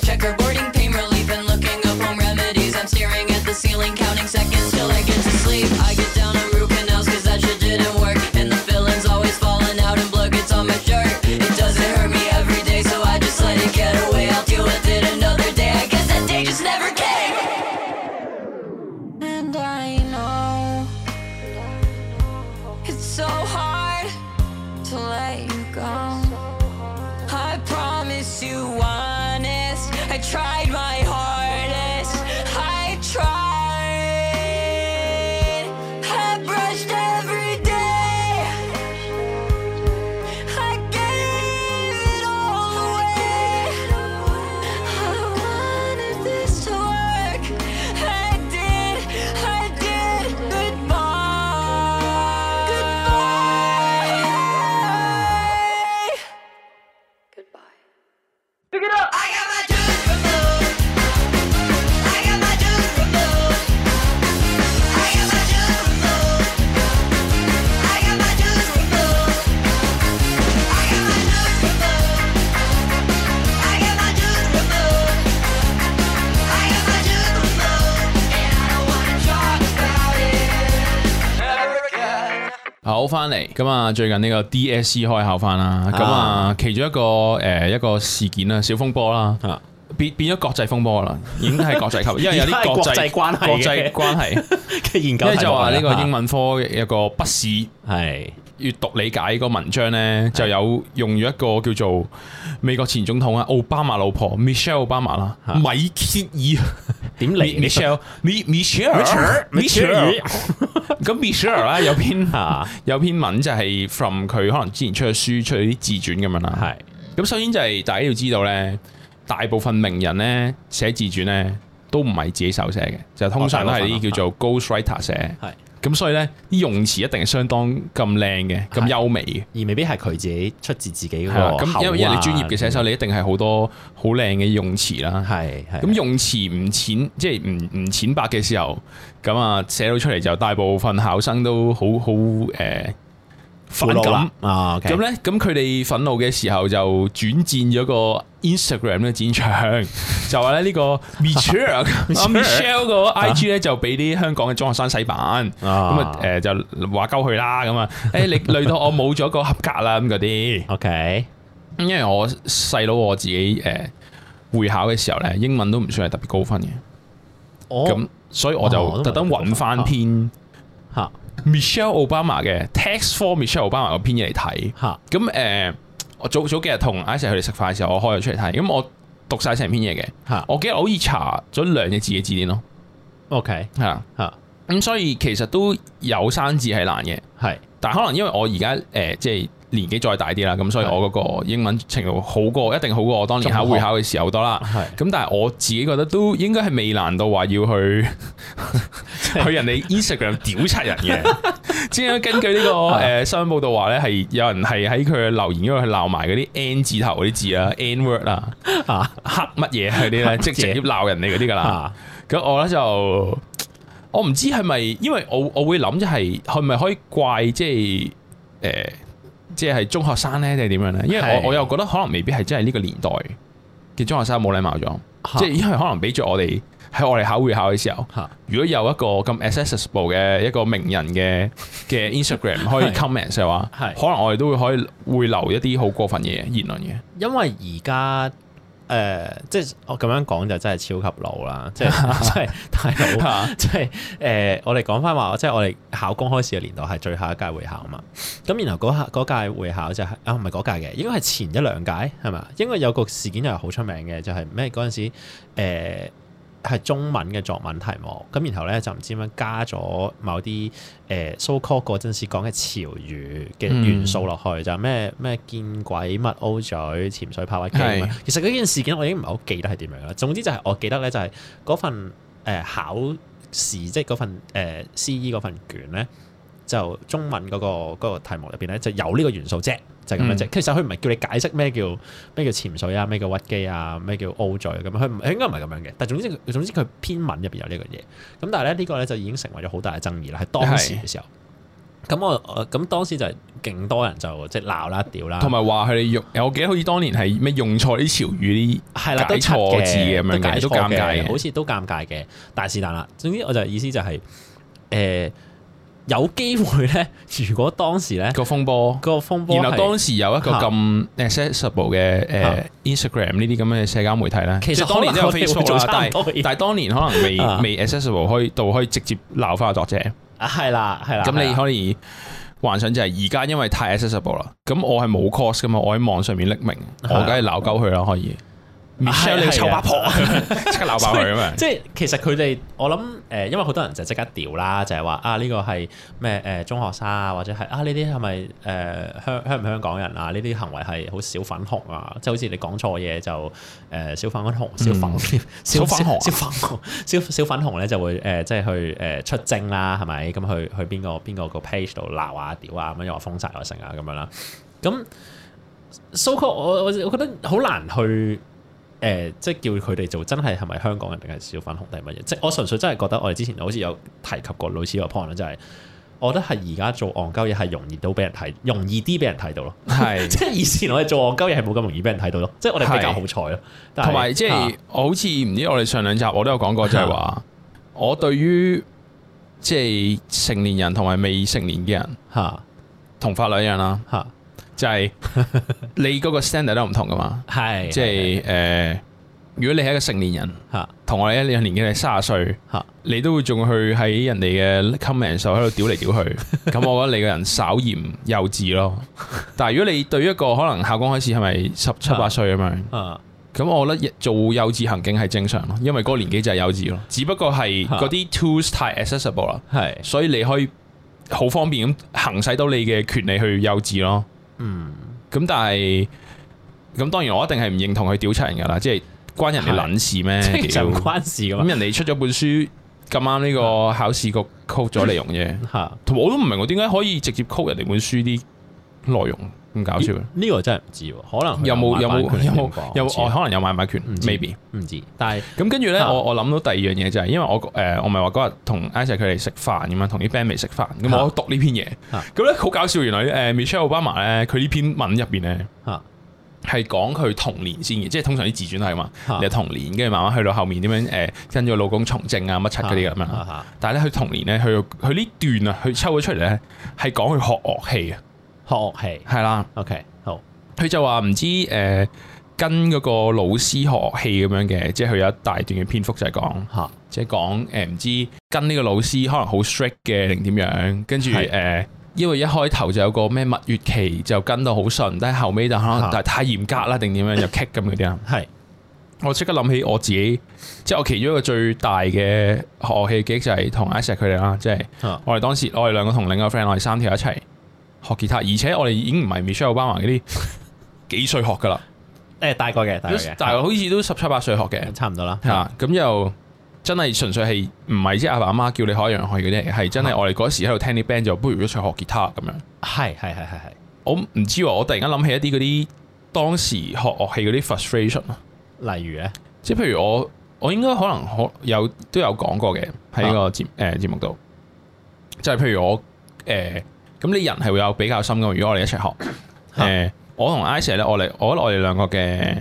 最近呢個 DSE 開考翻啦，咁啊，其中一個誒、呃、一個事件啦，小風波啦、啊，變變咗國際風波啦， 已經係國際級，因為有啲國際關係嘅國際關係嘅 研究，即就話呢個英文科一個筆試係。啊閱讀理解嗰文章咧，就有用咗一個叫做美國前總統啊奧巴馬老婆 Michelle Obama 啦，米歇爾點嚟 Michelle，Michelle，Michelle，Michelle 咁 Michelle 啦，有篇吓有篇文就係 from 佢可能之前出咗書出咗啲自傳咁樣啦，係咁。首先就係大家要知道咧，大部分名人咧寫自傳咧都唔係自己手寫嘅，就通常都係啲叫做 ghost writer 寫係。咁所以咧，啲用詞一定係相當咁靚嘅，咁的優美嘅，而未必係佢自己出自自己個口啊。因為因為你專業嘅寫手，啊、你一定係好多好靚嘅用詞啦。係係。咁用詞唔淺，即係唔唔淺白嘅時候，咁啊寫到出嚟就大部分考生都好好誒。憤怒啦，咁咧，咁佢哋憤怒嘅時候就轉戰咗個 Instagram 嘅戰場，就話咧呢個 Michelle，阿 Michelle 個 IG 咧就俾啲香港嘅中學生洗版，咁啊誒就話鳩佢啦，咁啊，誒你累到我冇咗個合格啦咁嗰啲，OK，因為我細佬我自己誒會考嘅時候咧，英文都唔算係特別高分嘅，咁所以我就特登揾翻篇吓。Michelle Obama 嘅 text for Michelle Obama 嗰篇嘢嚟睇，咁、啊 uh, 我早早幾日同阿成佢去食飯嘅時候，我開咗出嚟睇，咁我讀晒成篇嘢嘅，啊、我記得好似查咗兩隻字嘅字典咯。OK，嚇嚇，咁所以其實都有生字係難嘅，係是，但可能因為我而家誒即係。年紀再大啲啦，咁所以我嗰個英文程度好過，一定好過我當年考會考嘅時候多啦。咁但係我自己覺得都應該係未難到話要去 去人哋 Instagram 屌柒人嘅。只係 根據呢個誒新聞報道話呢，係有人係喺佢嘅留言嗰度鬧埋嗰啲 N 字頭嗰啲字 N word，啊，N word 啊吓，黑乜嘢嗰啲咧，即直接鬧人哋嗰啲噶啦。咁、啊、我呢就我唔知係咪，因為我我會諗即係係咪可以怪即係誒？呃即係中學生呢，定係點樣呢？因為我我又覺得可能未必係真係呢個年代嘅中學生冇禮貌咗，的即係因為可能俾咗我哋喺我哋考會考嘅時候，的如果有一個咁 accessible 嘅 一個名人嘅嘅 Instagram 可以 comment 嘅話，係的可能我哋都會可以會留一啲好過分嘅言論嘅。因為而家。誒、呃，即係我咁樣講就真係超級老啦， 即係即係太老，即係誒，我哋講翻話，即係我哋考公開試嘅年代係最後一屆會考嘛，咁然後嗰下嗰屆會考就係、是、啊唔係嗰屆嘅，應該係前一兩屆係咪？應該有個事件又係好出名嘅，就係咩嗰陣時係中文嘅作文題目，咁然後咧就唔知點樣加咗某啲誒 so call 嗰陣時講嘅潮語嘅元素落去，嗯、就咩咩見鬼乜 O 嘴潛水趴位機，是其實嗰件事件我已經唔係好記得係點樣啦。總之就係我記得咧，就係、是、嗰份誒、呃、考試即嗰份誒、呃、C E 嗰份卷咧，就中文嗰、那個嗰、那個、題目入邊咧就有呢個元素啫。嗯、其實佢唔係叫你解釋咩叫咩叫潛水啊，咩叫屈機啊，咩叫 O 嘴咁，佢唔佢應該唔係咁樣嘅。但總之總之佢篇文入邊有呢個嘢。咁但係咧呢個咧就已經成為咗好大嘅爭議啦。喺當時嘅時候，咁的我咁當時就係勁多人就即係鬧啦，屌啦，同埋話佢哋用我記得好似當年係咩用錯啲潮語啲，係啦，都錯字嘅咁樣都尷尬，好似都尷尬嘅。但是但啦，總之我就意思就係、是、誒。呃有機會咧，如果當時咧個風波個風波，風波然後當時有一個咁 accessible 嘅誒、啊呃、Instagram 呢啲咁嘅社交媒體咧，其實當年都有 Facebook 做但是，但係但係當年可能未、啊、未 accessible 可以到可以直接鬧翻個作者啊，係啦係啦，咁、啊啊、你可以幻想就係而家因為太 accessible 啦，咁我係冇 cost 㗎嘛，我喺網上面匿名，我梗係鬧鳩佢啦，可以。你係臭婆，即刻鬧爆佢咁樣！即係 以其實佢哋， 我諗誒，因為好多人就即刻屌啦，就係話啊，呢、這個係咩誒中學生啊，或者係啊呢啲係咪誒香香唔香港人啊？呢啲行為係好小粉紅啊，即係好似你講錯嘢就誒、呃、小粉紅小粉小粉紅、嗯、小粉紅小小粉紅咧、啊、 就會誒、呃、即係、呃、去誒出征啦，係咪咁去去邊個邊個個 page 度鬧啊、屌啊，咁又話封晒我成啊咁樣啦。咁 so far 我我我覺得好難去。誒、呃，即係叫佢哋做，真係係咪香港人定係小粉紅定乜嘢？即係我純粹真係覺得，我哋之前好似有提及過類似個 point 啦，就係、是，我覺得係而家做戇鳩嘢係容易到俾人睇，容易啲俾人睇到咯。係是， 即係以前我哋做戇鳩嘢係冇咁容易俾人睇到咯，是即係我哋比較、就是啊、好彩咯。同埋即係，我好似唔知我哋上兩集我都有講過就，就係話，我對於即係成年人同埋未成年嘅人吓，同法律一樣啦吓。啊啊就係你嗰個 standard 都唔同噶嘛，係即係誒，如果你係一個成年人，吓 同我哋一樣你年紀係卅歲，吓 你都會仲去喺人哋嘅 comment 數喺度屌嚟屌去，咁 我覺得你個人稍嫌幼稚咯。但係如果你對於一個可能校工開始係咪十七八歲咁樣，啊， 咁 我覺得做幼稚行徑係正常咯，因為嗰個年紀就係幼稚咯，只不過係嗰啲 tools 太 accessible 啦，係，所以你可以好方便咁行使到你嘅權利去幼稚咯。嗯，咁但係，咁當然我一定係唔認同佢屌出人噶啦，即係關人哋捻事咩？即係的叫就唔關事噶嘛？咁人哋出咗本書，咁啱呢個考試局曲咗內容啫。吓的，同埋我都唔明我點解可以直接曲人哋本書啲內容。咁搞笑？呢個真係唔知，可能有冇有冇有冇有，可能有買賣權？Maybe 唔知。但係咁跟住咧，我我諗到第二樣嘢就係，因為我誒我咪話嗰日同 Eddie 佢哋食飯咁啊，同啲 band 咪食飯。咁我讀呢篇嘢，咁咧好搞笑。原來誒 Michelle Obama 咧，佢呢篇文入邊咧吓係講佢童年先嘅，即係通常啲自傳係嘛，你童年跟住慢慢去到後面點樣誒跟咗老公從政啊乜七嗰啲咁樣。但係咧佢童年咧，佢佢呢段啊，佢抽咗出嚟咧係講佢學樂器啊。學樂器係啦的，OK，好。佢就話唔知誒、呃，跟嗰個老師學器咁樣嘅，即係佢有一大段嘅篇幅就係講吓，即係講誒，唔、呃、知跟呢個老師可能好 strict 嘅定點樣，跟住誒，是因為一開頭就有個咩蜜月期，就跟到好順，但係後尾就可能太嚴格啦，定點樣就 kick 咁嗰啲啊。係、啊，是我即刻諗起我自己，即係我其中一個最大嘅學樂器記憶就係同阿石佢哋啦，即係、啊、我哋當時我哋兩個同另一個 friend，我哋三條一齊。學吉他，而且我哋已經唔係 Michelle Obama 嗰啲幾歲學噶啦。誒、呃，大概嘅，大概大個好似都十七八歲學嘅，差唔多啦。吓吧，咁的又真係純粹係唔係即係阿爸阿媽叫你學一去學嗰啲，係真係我哋嗰時喺度聽啲 band 就不如一齊學吉他咁樣。係係係係係，我唔知我突然間諗起一啲嗰啲當時學樂器嗰啲 frustration 啊。例如咧，即係譬如我我應該可能可有，有都有講過嘅喺呢個節誒節目度，即、就、係、是、譬如我誒。呃呃呃咁呢人係會有比較深嘅，如果我哋一齊學，誒蛤、呃，我同 Isa 咧，我哋我覺得我哋兩個嘅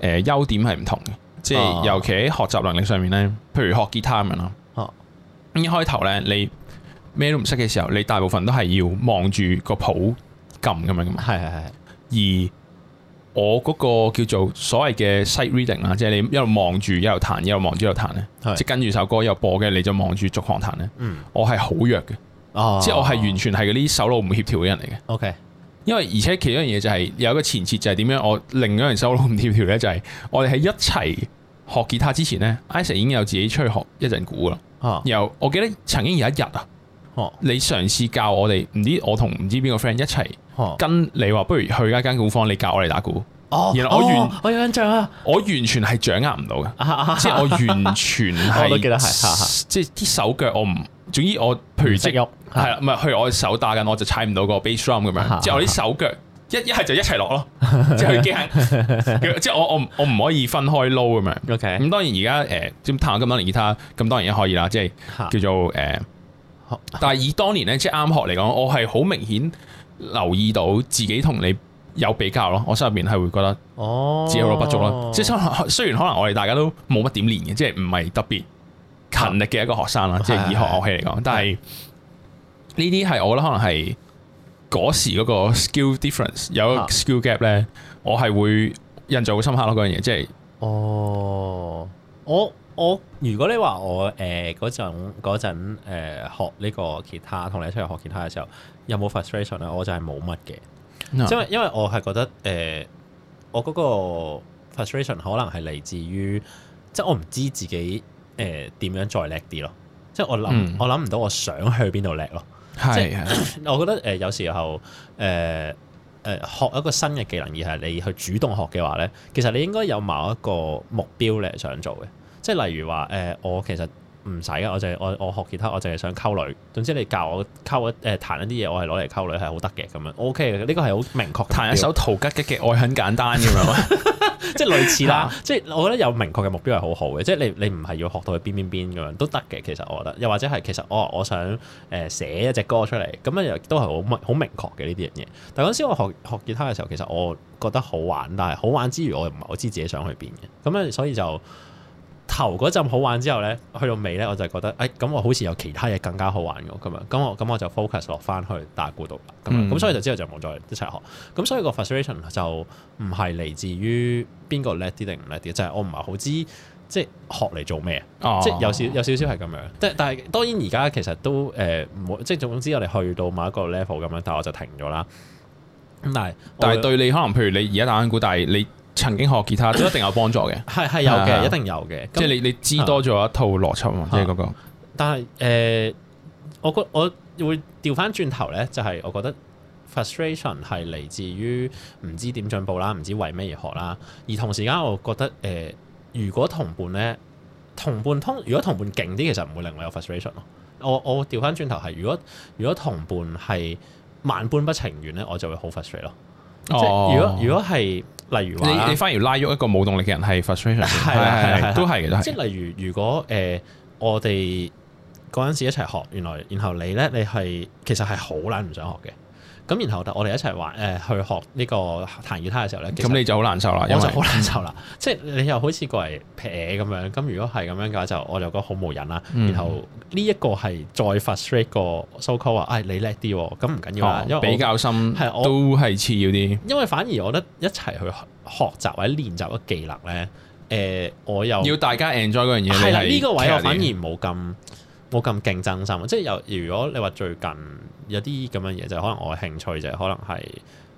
誒優點係唔同嘅，即係尤其喺學習能力上面咧，譬如學 guitar 咁樣啦，蛤一開頭咧，你咩都唔識嘅時候，你大部分都係要望住個譜撳咁樣噶嘛，係係係，而我嗰個叫做所謂嘅 sight reading 啊，即係你一路望住一路彈，一路望住一路彈咧，是的 即跟住首歌又播嘅，你就望住逐行彈咧，嗯、我係好弱嘅。哦！即係我係完全係嗰啲手腦唔協調嘅人嚟嘅。OK，因為而且其中一樣嘢就係、是、有一個前設就係點樣，我另一樣手腦唔協調咧，就係我哋喺一齊學吉他之前咧，Isaac、啊、已經有自己出去學一陣鼓啦。啊！然後我記得曾經有一日啊，你嘗試教我哋，唔知我同唔知邊個 friend 一齊，跟你話不如去一間鼓房，你教我哋打鼓。哦，原來我完，我有印象啊！我完全係掌握唔到嘅，即係我完全係，我都記得係，即係啲手腳我唔，總之我譬如即係，係啦，唔係譬如我手打緊，我就踩唔到個 base drum 咁樣，即係我啲手腳一一係就一齊落咯，即係機器，即係我我我唔可以分開撈咁樣。OK，咁當然而家誒，點彈咁多年吉他咁當然可以啦，即係叫做誒，但係以當年咧，即係啱學嚟講，我係好明顯留意到自己同你。有比較咯，我心入面係會覺得，哦，自由度不足咯。Oh. 即係雖然可能我哋大家都冇乜點練嘅，即係唔係特別勤力嘅一個學生啦。Oh. 即係以學樂器嚟講，oh. 但係呢啲係我覺得可能係嗰時嗰個 skill difference 有 skill gap 咧，oh. 我係會印象好深刻咯嗰樣嘢。即係，哦、oh.，我我如果你話我誒嗰陣嗰陣誒學呢個吉他，同你出去學吉他嘅時候，有冇 frustration 咧？我就係冇乜嘅。即係，因為我係覺得，誒、呃，我嗰個 frustration 可能係嚟自於，即係我唔知自己，誒、呃，點樣再叻啲咯。即係我諗，嗯、我諗唔到我想去邊度叻咯。係的， 我覺得，誒、呃，有時候，誒、呃，誒、呃，學一個新嘅技能，而係你去主動學嘅話咧，其實你應該有某一個目標你，想做嘅。即係例如話，誒、呃，我其實。唔使啊！我淨係我我學吉他，我淨係想溝女。總之你教我溝、呃、一誒彈一啲嘢，我係攞嚟溝女係好得嘅，咁樣。OK 嘅，呢個係好明確。彈一首陶吉吉嘅愛很簡單咁樣，即係類似啦。即係我覺得有明確嘅目標係好好嘅。即係你你唔係要學到去邊邊邊咁樣都得嘅。其實我覺得，又或者係其實我、哦、我想誒寫一隻歌出嚟，咁樣又都係好明好明確嘅呢啲嘢。但係嗰時我學學吉他嘅時候，其實我覺得好玩，但係好玩之餘我又唔係好知自己想去邊嘅。咁樣所以就。頭嗰陣好玩之後咧，去到尾咧，我就覺得，哎，咁我好似有其他嘢更加好玩㗎，咁啊，咁我咁我就 focus 落翻去打鼓度啦，咁咁、嗯、所以就之後就冇再一齊學，咁所以個 frustration 就唔係嚟自於邊個叻啲定唔叻啲，就係、是、我唔係好知，就是哦、即係學嚟做咩，即係有少有少少係咁樣，即係但係當然而家其實都唔誒、呃，即係總之我哋去到某一個 level 咁樣，但係我就停咗啦。咁係，但係對你可能，譬如你而家打緊鼓，但係你。曾經學吉他都一定有幫助嘅，係係 有嘅，一定有嘅。即係的那你你知多咗一套邏輯嘛，即係嗰個。但係誒、呃，我覺我會調翻轉頭咧，就係、是、我覺得 frustration 係嚟自於唔知點進步啦，唔知為咩而學啦。而同時間，我覺得誒、呃，如果同伴咧，同伴通，如果同伴勁啲，其實唔會令我有 frustration 咯。我我調翻轉頭係，如果如果同伴係萬般不情願咧，我就會好 frustrated 咯。即係如果如果係例如話，你、啊、你反而拉喐一個冇動力嘅人係 frustration，係係係都係嘅都係，即係例如如果誒、呃、我哋陣時一齊學原來，然後你咧你係其實係好懶唔想學嘅。咁然後我哋一齊玩誒、呃、去學呢個彈吉他嘅時候咧，咁你就好難受啦，因為我就好難受啦，嗯、即係你又好似過嚟劈咁樣。咁如果係咁樣嘅話，就我就覺得好無癮啦。嗯、然後呢一個係再發 straight 個收口啊，唉，你叻啲，咁唔緊要啦，因為比較深，係我都係次要啲。因為反而我覺得一齊去學習或者練習嘅技能咧，誒、呃、我又要大家 enjoy 嗰樣嘢，係啦、啊，呢個位我反而冇咁。冇咁競爭心，即係有。如果你話最近有啲咁樣嘢，就係、可能我興趣就可能係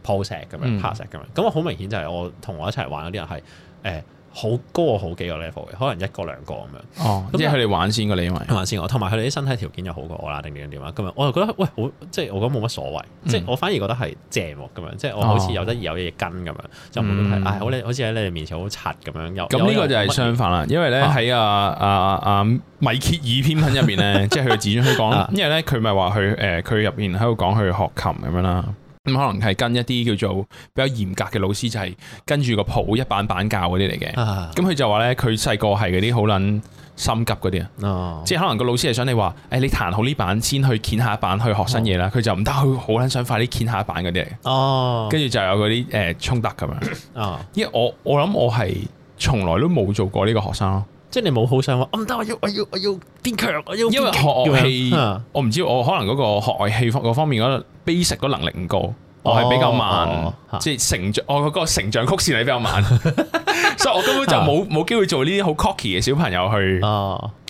post 咁樣，拋石咁樣。咁我好明顯就係我同我一齊玩嗰啲人係誒。呃好高我好幾個 level 嘅，可能一個兩個咁樣。哦，即係佢哋玩先過你，因為玩先我，同埋佢哋啲身體條件又好過我啦，定點樣點啊？咁樣我又覺得，喂，好即係我覺得冇乜所謂，即係我反而覺得係正咁樣，即係我好似有得有嘢跟咁樣，就冇咁係唉，好好似喺你哋面前好柒咁樣。咁呢個就係相反啦，因為咧喺阿阿阿米歇爾篇品入面咧，即係佢自傳書講，因為咧佢咪話佢誒佢入邊喺度講佢學琴咁樣啦。咁可能係跟一啲叫做比較嚴格嘅老師，就係、是、跟住個譜一板板教嗰啲嚟嘅。咁佢、啊、就話咧，佢細個係嗰啲好捻心急嗰啲啊。即係可能個老師係想你話，誒、欸，你彈好呢板先去掀下一板去學新嘢啦。佢、啊、就唔得，佢好捻想快啲掀下一板嗰啲嚟。哦、啊，跟住就有嗰啲誒衝突咁樣。哦、啊，因為我我諗我係從來都冇做過呢個學生咯。即係你冇好想話，唔得，我要我要我要變強，我要變強。因為學樂器，我唔知我可能嗰個學樂器方嗰方面嗰 basic 嗰能力唔高，我係比較慢，即係成長，我嗰個成長曲線係比較慢，所以我根本就冇冇機會做呢啲好 cocky 嘅小朋友去，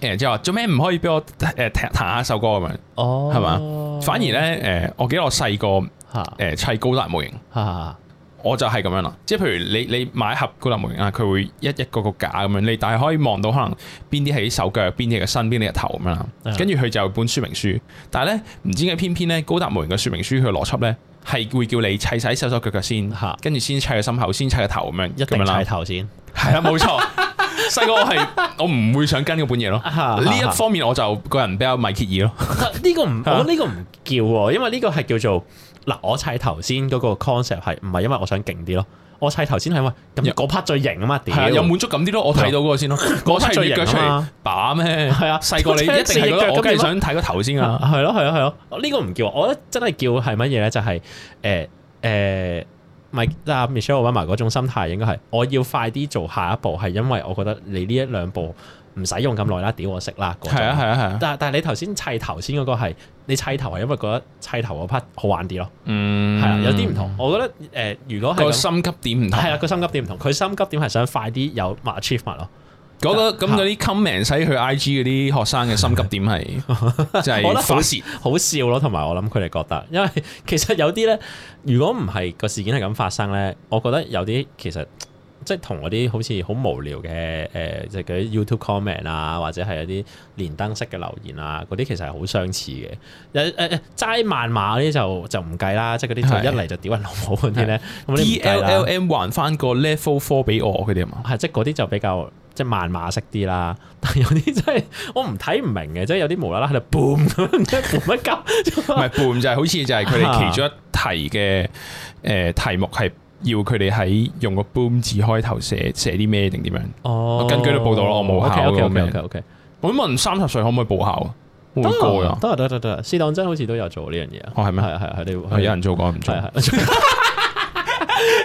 誒，即係話做咩唔可以俾我誒彈彈下首歌咁樣，係嘛？反而咧，誒，我記得我細個誒砌高達模型。我就係咁樣啦，即係譬如你你買盒高達模型啊，佢會一個一個一個架咁樣，你但係可以望到可能邊啲喺啲手腳，邊啲嘅身，邊啲嘅頭咁樣啦。跟住佢就本說明書，但係咧唔知點解偏偏咧高達模型嘅說明書佢嘅邏輯咧係會叫你砌晒手手腳腳先，跟住先砌個心口，先砌個頭咁樣，一定砌頭先。係啊，冇錯。細個 我係我唔會想跟呢本嘢咯。呢 一方面我就個人比較米杰爾咯。呢 個唔，我呢個唔叫，因為呢個係叫做。嗱，我砌頭先嗰個 concept 係唔係因為我想勁啲咯，我砌頭先係因為咁嗰 part 最型啊嘛，點有滿足感啲咯，我睇到嗰個先咯，嗰 part 最型把咩？係啊，細個你一定咧，我梗係想睇個頭先啊。係咯係咯係咯，呢個唔叫，我覺得真係叫係乜嘢咧？就係誒誒，咪嗱 Michelle，Obama 嗰種心態應該係我要快啲做下一步，係因為我覺得你呢一兩步。唔使用咁耐啦，屌我食啦。係啊係啊係啊！ 但係但係，你頭先砌頭先嗰個係你砌頭係因為覺得砌頭嗰 part 好玩啲咯。嗯，係啊，有啲唔同。我覺得誒、呃，如果係個心急點唔同係啊，嗰個心急點唔同。佢心急點係想快啲有 achievement 咯、嗰個。嗰個咁嗰啲 comment 使去 IG 嗰啲學生嘅心急點係是的 就係好笑好笑咯。同埋我諗佢哋覺得，因為其實有啲咧，如果唔係個事件係咁發生咧，我覺得有啲其實。即係同嗰啲好似好無聊嘅誒，即係嗰啲 YouTube comment 啊，或者係有啲連登式嘅留言啊，嗰啲其實係好相似嘅。誒誒誒，齋萬馬嗰啲就就唔計啦，即係嗰啲就一嚟就屌人老母嗰啲咧。E L L M 還返個 level four 俾我，佢哋啊，即係嗰啲就比較即係萬馬式啲啦。但有啲真係我唔睇唔明嘅，即係有啲無啦啦喺度 boom 咁樣，boom 乜鳩？唔係 boom 就係好似就係佢哋其中一題嘅誒題目係。要佢哋喺用個 boom 字開頭寫寫啲咩定點樣？哦，根據啲報道咯，我冇考過 O K O K O K。我問三十歲可唔可以報考？得啊，得啊，得啊，適當真好似都有做呢樣嘢啊。哦，係咩？係啊，係啊，係有人做過唔錯。係係。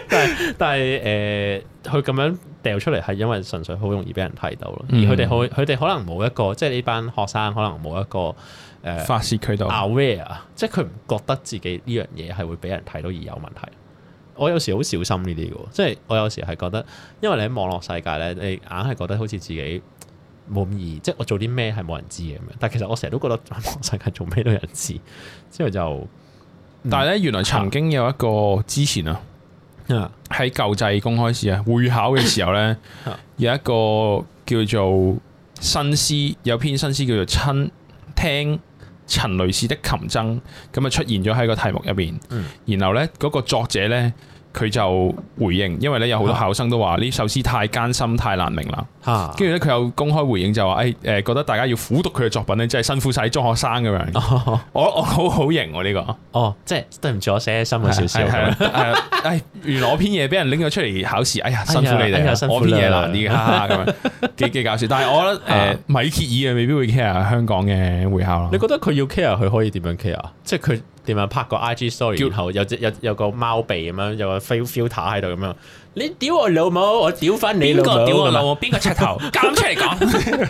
但係但係誒，佢咁樣掉出嚟係因為純粹好容易俾人睇到咯。而佢哋可佢哋可能冇一個，即係呢班學生可能冇一個誒，發洩渠道 aware 啊，即係佢唔覺得自己呢樣嘢係會俾人睇到而有問題。我有時好小心呢啲嘅，即係我有時係覺得，因為你喺網絡世界咧，你硬係覺得好似自己冇咁易，即係我做啲咩係冇人知嘅咁樣。但係其實我成日都覺得，網絡世界做咩都有人知，之後就，嗯、但係咧原來曾經有一個之前啊，喺舊制公開試啊會考嘅時候咧，有一個叫做新詩，有篇新詩叫做親聽。陳雷氏的琴聲，咁啊出現咗喺個題目入面。嗯、然後咧嗰個作者咧。佢就回應，因為咧有好多考生都話呢首詩太艱辛，太難明啦。吓、啊，跟住咧佢又公開回應就話，誒，誒，覺得大家要苦讀佢嘅作品咧，真係辛苦晒中學生咁樣，啊啊。我我好好型喎呢個。啊、哦，即，就，係，是，對唔住，我寫新心少少。係係，誒，原來我篇嘢俾人拎咗出嚟考試，哎呀，辛苦你哋，哎哎，辛苦我篇嘢難啲，咁樣幾幾搞笑。但係我覺得，誒， 啊，米歇爾未必會 care 香港嘅會考咯。你覺得佢要 care，佢可以點樣 care？即係佢。點樣拍個 I G story，叫頭有只有有個貓鼻咁樣，有個，個 filter 喺度咁樣。你屌我老母，我屌翻你老母，邊個屌我老母，邊個柒頭，揀 出嚟講。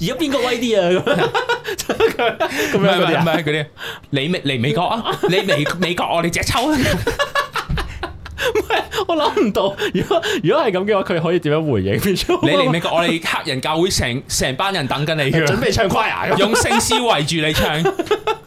而家邊個威啲啊？咁 樣咁 樣啲，嗰啲。你嚟美國啊？你嚟美，美，美，美，美國，我哋隻抽。唔係，我諗唔到。如果如果係咁嘅話，佢可以點樣回應？你嚟美國，我哋黑人教會成成班人等緊你，準備唱夸啊！用聖詩圍住你唱。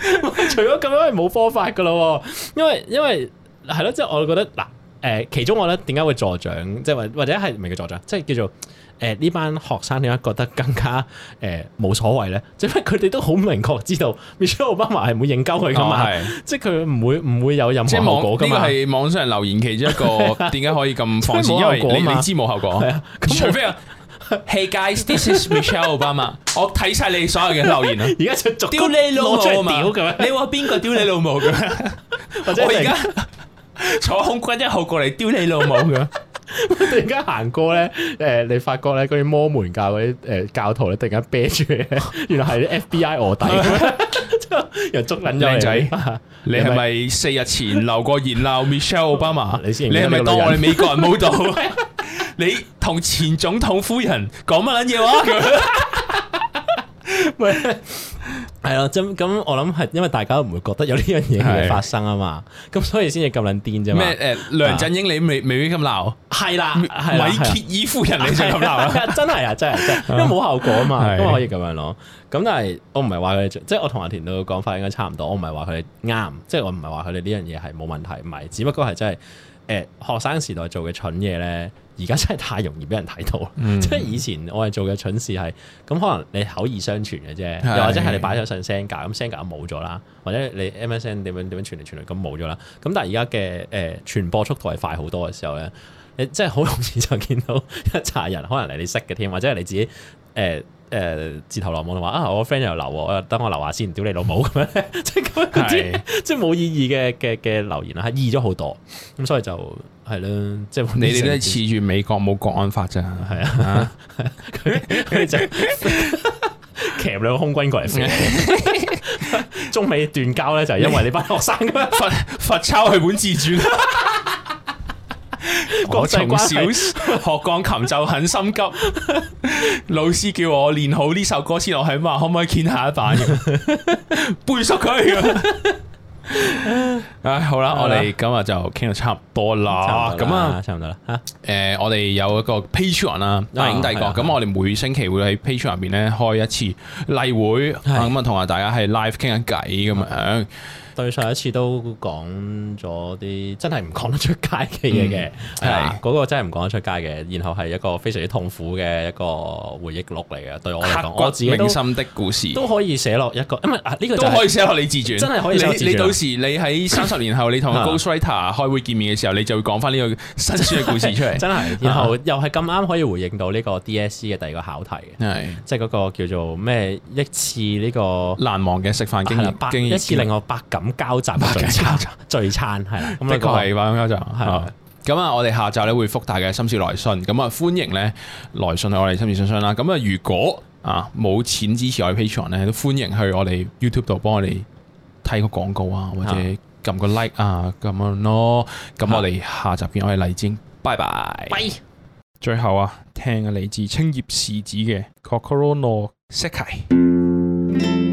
除咗咁樣係冇方法噶咯，因為因為係咯，即係我覺得嗱，誒，其中我覺得點解會助長，即係或或者係唔係叫助長，即係叫做誒呢班學生點解覺得更加誒冇所謂咧？即係佢哋都好明確知道 Michelle Obama 係唔會認交佢噶嘛，係即係佢唔會唔會有任何後果咁嘛，呢個係網上留言其中一個點解可以咁放肆， 因為你 你知冇後果，咁、啊、除非啊。 Hey guys, this is Michelle Obama。我睇晒你所有嘅留言啦。而家就逐丟你老母啊嘛！你話邊個丟你老母噶？或者我而家坐空軍一號過嚟丟你老母噶？突然間行過咧，誒，你發覺咧，嗰啲摩門教嗰啲誒教徒咧，突然間啤住，原來係 FBI 臥底，又捉緊咗個仔。你係咪四日前留過言鬧 Michelle Obama 你先？你係咪當我哋美國人冇到？你同前總統夫人講乜撚嘢話佢？喂，係咯，咁咁 我諗係，因為大家都唔會覺得有呢樣嘢嘅發生啊嘛，咁 所以先至咁撚癲啫嘛。咩？誒、呃，梁振英你未未必咁鬧，係啦， 米歇爾夫人你先咁鬧，真係啊，真係，因為冇效果啊嘛，咁 可以咁樣咯。咁但係我唔係話佢即係我同阿田嘅講法應該差唔多。我唔係話佢哋啱，即係我唔係話佢哋呢樣嘢係冇問題，唔係，只不過係真係，誒，學生時代做嘅蠢嘢咧。而家真係太容易俾人睇到、嗯、即係以前我係做嘅蠢事係咁，可能你口耳相傳嘅啫，又的或者係你擺咗上 Xanga 咁 Xanga 冇咗啦，或者你 MSN 點樣點樣傳嚟傳嚟咁冇咗啦。咁但係而家嘅誒傳播速度係快好多嘅時候咧，你即係好容易就見到一紮人可能嚟你識嘅添，或者係你自己誒誒、呃呃、自投羅網話啊我 friend 又留我，等、啊、我留下先，屌你老母咁樣，即係咁樣，即係冇意義嘅嘅嘅留言啦，係易咗好多，咁所以就。 係啦，即係你哋都係恃住美國冇國安法咋，係啊，佢哋佢哋、啊、 就騎兩個空軍過嚟。 中美斷交咧，就係因為你班學生罰罰你 抄佢本自傳。 關我從小學鋼琴就很心急， 老師叫我練好呢首歌先落去嘛，可唔可以傾下一版？ 背熟佢。唉、 啊，好啦，啊、我哋今日就傾到差唔多啦，咁啊，就差唔多啦。誒、呃，我哋有一個 Patreon 啦，大鷹帝國咁、哦、我哋每星期會喺 Patreon 入面咧，開一次例會，咁的啊，同埋大家喺 live 傾下偈咁樣。上一次都講咗啲真係唔講得出街嘅嘢嘅，係嗰個真係唔講得出街嘅，然後係一個非常之痛苦嘅一個回憶錄嚟嘅，對我嚟講，我自己刻骨銘心的故事都可以寫落一個，因為呢個都可以寫落你自傳，真係可以。你到時你喺三十年後，你同個 ghostwriter 開會見面嘅時候，你就會講翻呢個新書嘅故事出嚟，真係，然後又係咁啱可以回應到呢個 DSC 嘅第二個考題，即係嗰個叫做咩一次呢個難忘嘅食飯經歷，一次令我百感交集嘅聚餐係，的確係萬眾交集係。咁啊，我哋下集咧會覆大嘅心事來信。咁啊，歡迎咧來信去我哋心事信箱啦。咁啊，如果啊冇錢支持我哋 Patreon 咧，都歡迎去我哋 YouTube 度幫我哋睇個廣告啊，或者撳個 like 啊咁樣咯。咁我哋下集見，我哋勵志，拜拜。最後啊，聽啊嚟自青葉市子嘅 Kokoro no Sekai。